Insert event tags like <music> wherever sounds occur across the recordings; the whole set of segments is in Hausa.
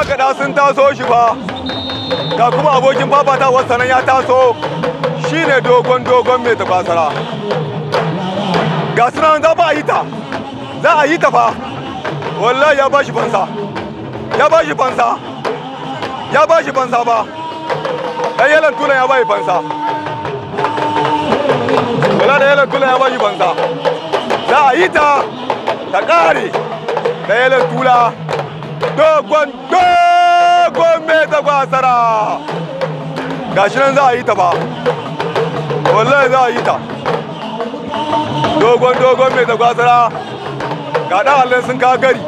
makaɗa sun taso shi ba ga kuma abokin fafatawar sanan ya taso shine dogon dogon mai tafasara ga sunan za a yi ta za a yi ta fa wallahi ya bashi fansa ya bashi fansa ya bashi fansa ba ɗan yalan tunan ya bashi fansa wala da yalan tunan ya bashi fansa za a yi ta ta ƙare da yalan tula dogon dogon mai tagwasara shi nan za a yi ta ba wallahi za a yi ta dogon dogon mai tagwasara ga ɗan sun kawo gari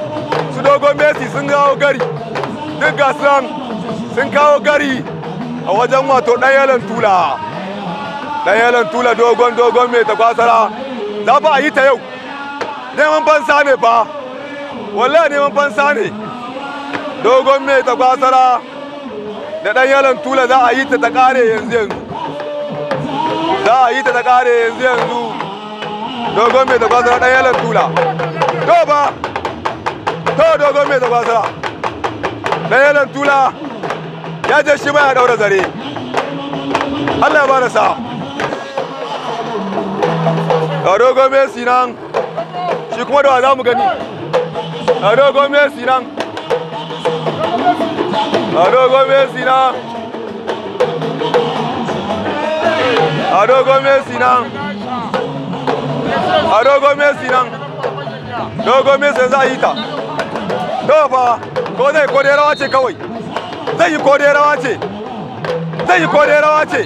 su dogon messi sun kawo gari duk gasan sun kawo gari a wajen wato ɗayalan tula ɗayalan tula dogon dogon mai tagwasara za ba a yi ta yau neman fansa ne fa wallahi neman fansa ne dogon mai ta kwasara da ɗan yalan tula za a yi ta ta kare yanzu yanzu za a yi ta ta kare yanzu yanzu dogon mai ta kwasara ɗan yalan tula to ba to dogon mai ta kwasara ɗan yalan tula ya je shi baya ɗaura zare Allah ya bada sa ga dogon mai sinan shi kuma da wa za mu gani ga dogon mai sinan Ado Gomesi Sina. Ado Gomesi Sina. Ado Gomesi Sina. Ado Gomesi za yi ta. To fa ko zai kode kawai. Zai yi kode Sina. Zai yi kode rawa ce.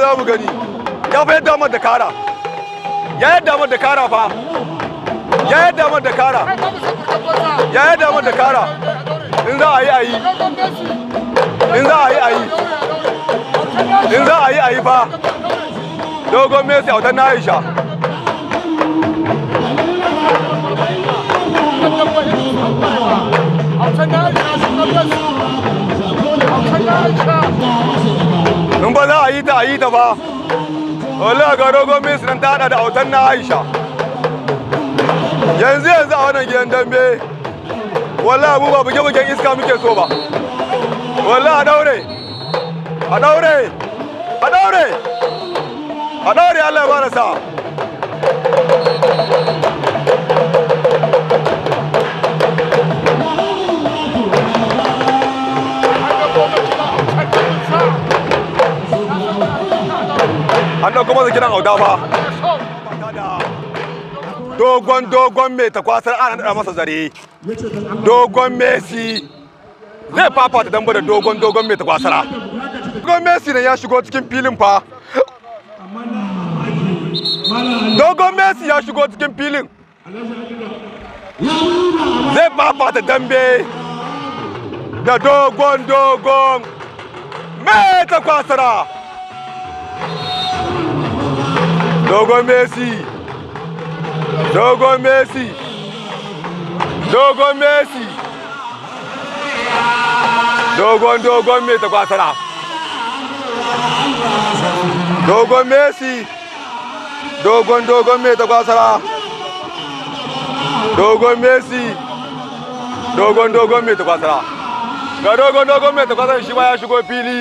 za mu gani. Ya fa da kara. Ya yadda mu da kara fa. Ya yadda mu da kara. Ya yadda mu da kara. in za a yi a yi in za a yi a yi in za a yi a yi fa dogon mesi a wutar na aisha in ba za a yi ta a yi ta ba wala ga dogon mesi nan ta hada da autan na aisha yanzu yanzu a wannan gidan dambe wallahi mu ba buge bugen iska muke so ba wallahi a daure a daure a daure a daure Allah ya bada sa an ɗauko masa kiran auda ba dogon dogon mai kwasar ana da masa zare dogon messi zai fafata damba da dogon dogon mai kwasara dogon messi ne ya shigo cikin filin fa dogon messi ya shigo cikin filin zai fafata dambe da dogon dogon mai kwasara dogon messi dogon messi dogon messi dogon dogon mai ta kwasara dogon messi dogon dogon me ta kwasara dogon messi dogon dogon me ta kwasara ga dogon dogon me ta kwasara shi ma ya shigo fili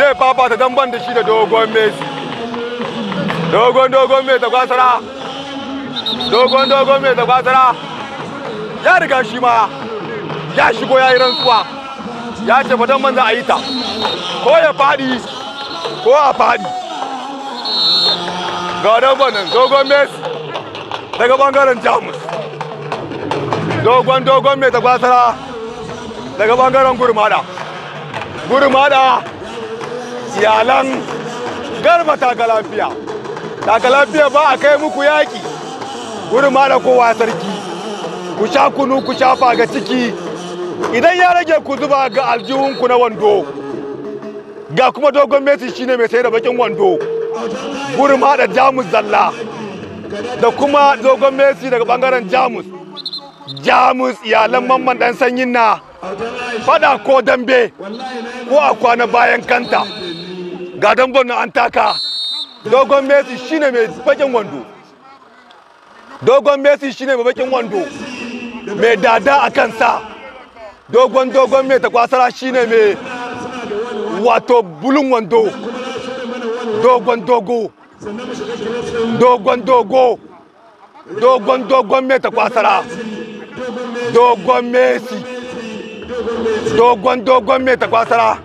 zai fafata dan ban da shi da dogon messi dogon dogon me ta kwasara dogon dogon mai tabbatara ya riga shi ma ya shigo ya yi rantsuwa ya ce fatan manza a yi ta ko ya faɗi ko a faɗi ga wadon nan dogon mes daga bangaren jamus dogon dogon mai tabbatara daga bangaren gurmada gurmada iyalan garba takalafiya takalafiya ba a kai muku yaki wurin ma da kowa sarki ku sha kunu ku sha faga ciki idan ya rage ku zuba ga aljihunku na wando ga kuma dogon mesi shine mai sayar da bakin wando wurin ma da jamus zalla da kuma dogon mesi daga bangaren jamus jamus iyalan mamman dan sanyin na fada ko dambe ko a kwana bayan kanta ga dambon an taka dogon mesi shine mai bakin wando dogon messi shine babakin wando mai dada a kansa dogon dogon mai takwasara shine mai wato bulun wando dogon dogo dogon dogo dogon dogon mai takwasara dogon messi dogon dogon mai takwasara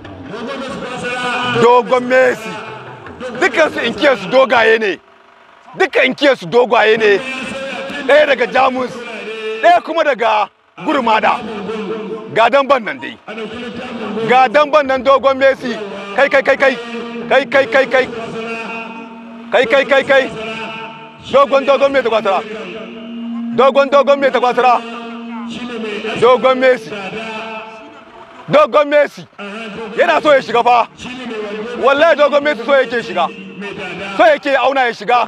dogon messi dukansu inkiyarsu dogaye ne duka inkiyarsu dogaye ne ɗaya daga jamus ɗaya kuma daga gurmada ga damban nan dai ga damban nan dogon messi kai kai kai kai kai kai kai kai kai kai kai kai dogon dogon mai takwasara dogon dogon mai takwasara dogon messi dogon messi yana so ya shiga fa wallahi dogon messi so yake shiga so yake auna ya shiga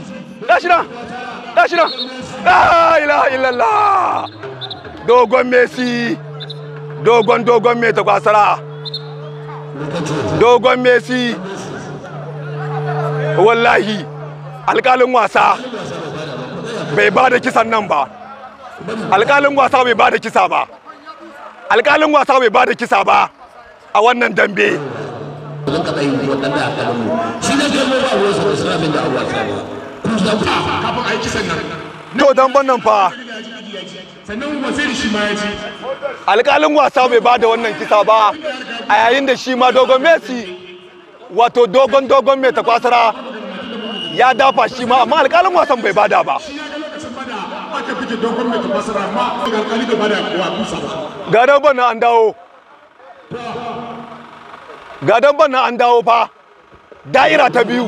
gashi nan gashi nan la ilaha dogon messi dogon dogon me ta dogon messi wallahi alƙalin wasa bai ba da nan ba alƙalin wasa bai ba da kisa ba alƙalin wasa bai ba kisa ba a wannan dambe. Shi ne mu ba wasu da Allah kyauta kafin a yi kisan nan to dan fa sannan shi ma ya alƙalin wasa bai ba da wannan kisa ba a yayin da shi ma dogon messi wato dogon dogon mai ta kwasara ya dafa shi ma amma alƙalin wasan bai bada ba gadon ban an dawo gadon ban an dawo fa da'ira ta biyu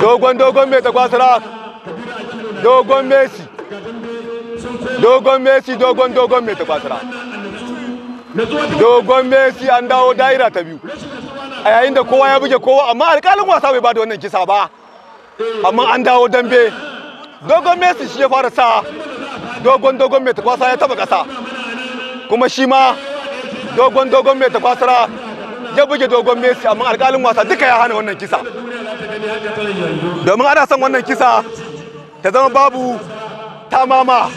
dogon dogon mai takwasara dogon messi dogon messi dogon dogon mai takwasara dogon messi an dawo daira ta biyu a yayin da kowa ya buge kowa amma alƙalin wasa bai bada wannan kisa ba amma an dawo dambe dogon messi shi ya fara sa dogon dogon mai takwasa ya taba ƙasa kuma shi ma dogon dogon mai takwasara ya buge dogon Messi amma alƙalin wasa duka ya hana wannan kisa domin ana son wannan kisa ta zama babu tamama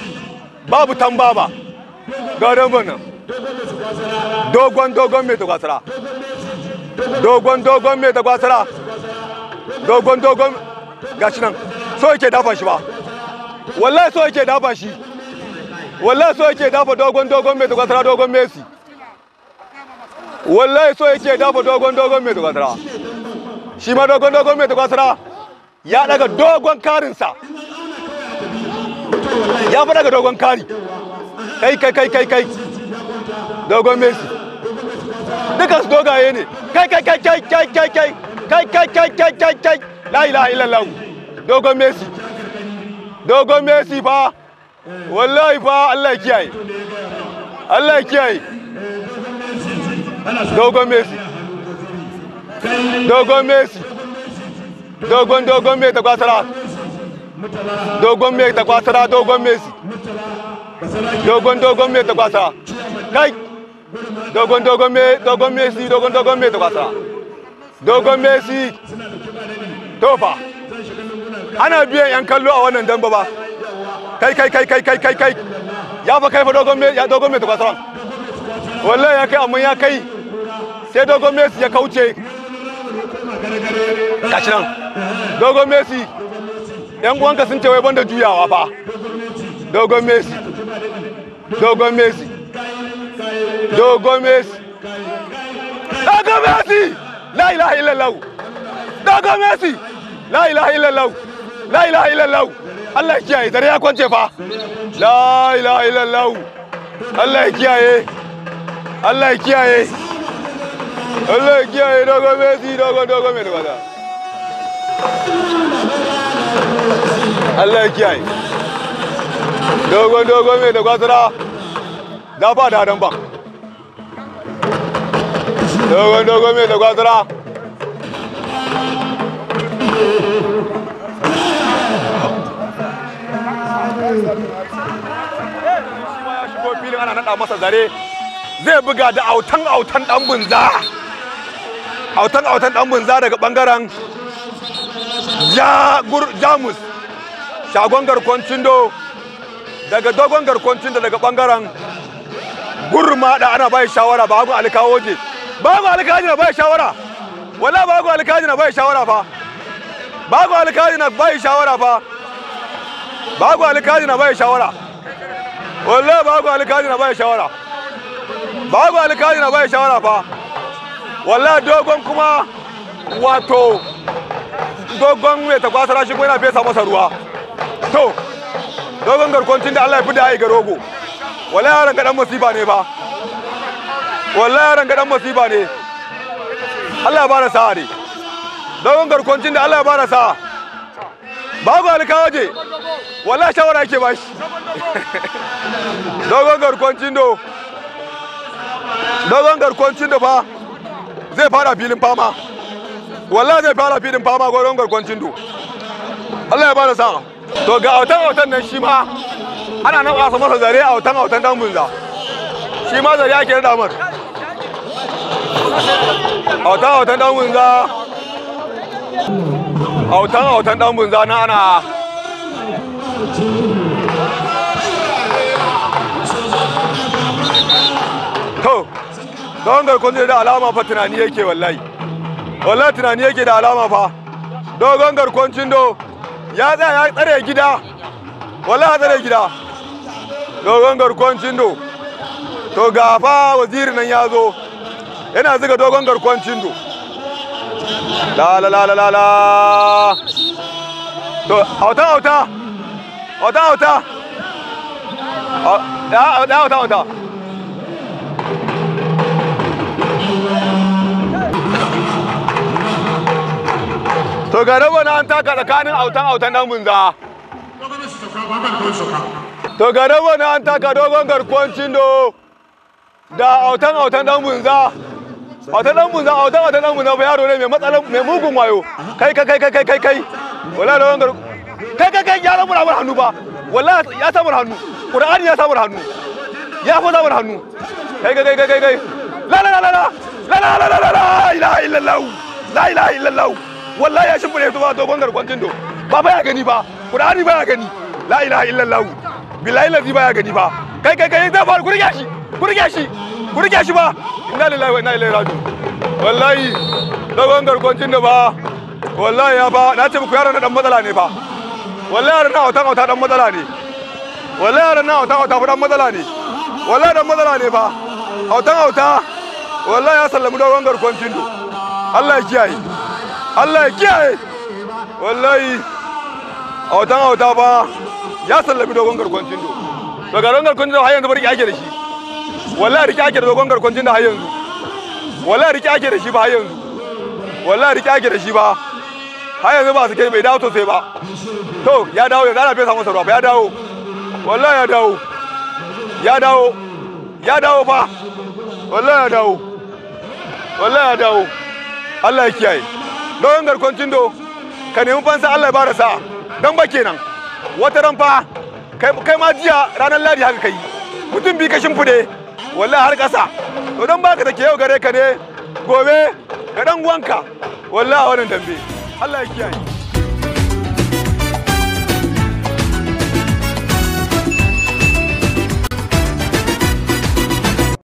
babu tambama ga dogon dogon dogon mai tagwasara dogon dogon mai tagwasara dogon dogon shi nan so yake dafa shi ba wallahi so yake dafa shi wallahi so yake dafa dogon dogon mai tagwasara dogon Messi wallahi so yake dafa dogon dogon mai tukasara shi ma dogon dogon mai tukasara ya daga dogon karinsa ya fi daga dogon kari kai kai kai kai kai dogon messi duka su dogaye ne kai kai kai kai kai kai kai kai kai kai kai kai kai la ilaha illallah dogon messi dogon messi fa wallahi fa Allah ya kiyaye Allah ya kiyaye dogon messi dogon messi dogon dogon mai takwasara dogon ta kwasara dogon messi dogon dogon ta kwasara kai dogon dogon mai dogon messi dogon dogon ta kwasara dogon messi tofa ana biyan yan kallo a wannan damba ba kai kai kai kai kai kai kai ya fa kai fa dogon mai dogon ta kwasara wallahi ya kai amma ya kai sai dogon messi ya kauce gashi nan dogon messi yan uwanka sun ce wai banda juyawa fa dogon messi dogon messi dogon messi dogon messi la ilaha illallah dogon messi la ilaha illallah la ilaha illallah Allah ya kiyaye zare ya kwance fa la ilaha illallah Allah ya kiyaye Allah ya kiyaye Allah kiyaye dogo dogon dogo dogo mai dubata Allah kiyaye dogo dogo mai da gwatara da ba da dan ba dogo dogo mai da gwatara filin ana naɗa masa zare zai buga da autan autan ɗan bunza autan autan dan bunza daga bangaren jamus shagon garkon cindo daga dogon garkon cindo daga bangaren gurma da ana bai shawara ba gun alkawo je ba gun alkaji na bai shawara wala ba gun alkaji na bai shawara fa ba gun alkaji na bai shawara fa ba gun alkaji na bai shawara wala ba gun alkaji na bai shawara ba gun alkaji na bai shawara fa walla dogon kuma wato dogon mai ta kwasara shi kuma yana fesa masa ruwa to dogon garkwancin da Allah ya fi da ya ga rogo walla yaran ga dan musiba ne ba walla yaran ga dan musiba ne Allah ya bada sa'a ne dogon garkwancin da Allah ya bada sa'a babu alkawaje walla shawara yake ba shi <laughs> dogon garkwancin do dogon garkwancin da fa zai fara filin fama wallahi zai fara filin fama gwaron garkon cindo Allah ya bada sa to ga autan autan nan shi ma ana nan asa masa zare autan autan dan bunza shi ma zare ake da mar autan autan dan bunza autan autan dan bunza na ana don garkon da alama fa tunani yake wallahi wallahi tunani yake da alama fa dogon garkon cindo ya tsaya ya tsare gida wallahi ya tsare gida dogon garkon cindo to ga fa wazir nan ya zo yana zuga dogon garkon cindo la la la la la to auta auta auta auta auta auta auta to ga raba na an taka tsakanin autan autan dan munza to ga raba na an taka dogon garkuwan cindo da autan autan dan munza autan dan munza autan autan dan munza yaro ne mai matsalan mai mugun wayo kai kai kai kai kai kai wala dogon garkuwan kai kai kai yaron mura hannu ba wala ya samu hannu qur'ani ya samu hannu ya fa samu hannu kai kai kai kai kai la la la la la la la la la la la la la la la la wallahi ya shimfida su ba gongar garkon do ba baya gani ba qur'ani baya gani la ilaha illallah billahi lazi baya gani ba kai kai kai zai faru kurge shi kurge shi kurge shi ba inna lillahi wa inna ilaihi raji'un wallahi da gongar garkon do ba wallahi ya ba na ce muku yaron na dan matsala ne ba wallahi yaron na wata wata dan matsala ne wallahi yaron na wata wata dan matsala ne wallahi dan matsala ne ba hautan hauta wallahi ya sallamu da gongar garkon do Allah ya kiyaye Allah ya kiyaye wallahi autan auta ba ya sallabi dogon garkon cindo to garin garkon cindo har yanzu barki ake da shi wallahi rike ake da dogon garkon cindo har yanzu wallahi rike ake da shi ba har yanzu wallahi rike ake da shi ba har yanzu ba su kai bai dawo sosai ba to ya dawo yanzu ana fesa masa ruwa ya dawo wallahi ya dawo ya dawo ya dawo fa wallahi ya dawo wallahi ya dawo Allah ya kiyaye don garkon tindo ka nemi fansa Allah ya bada sa dan ba kenan wata ran fa kai ma jiya ranar ladi haka kai mutum bi ka shimfide wallahi har kasa to dan baka take yau gare ka ne gobe ga dan uwanka wallahi wannan dambe Allah ya kiyaye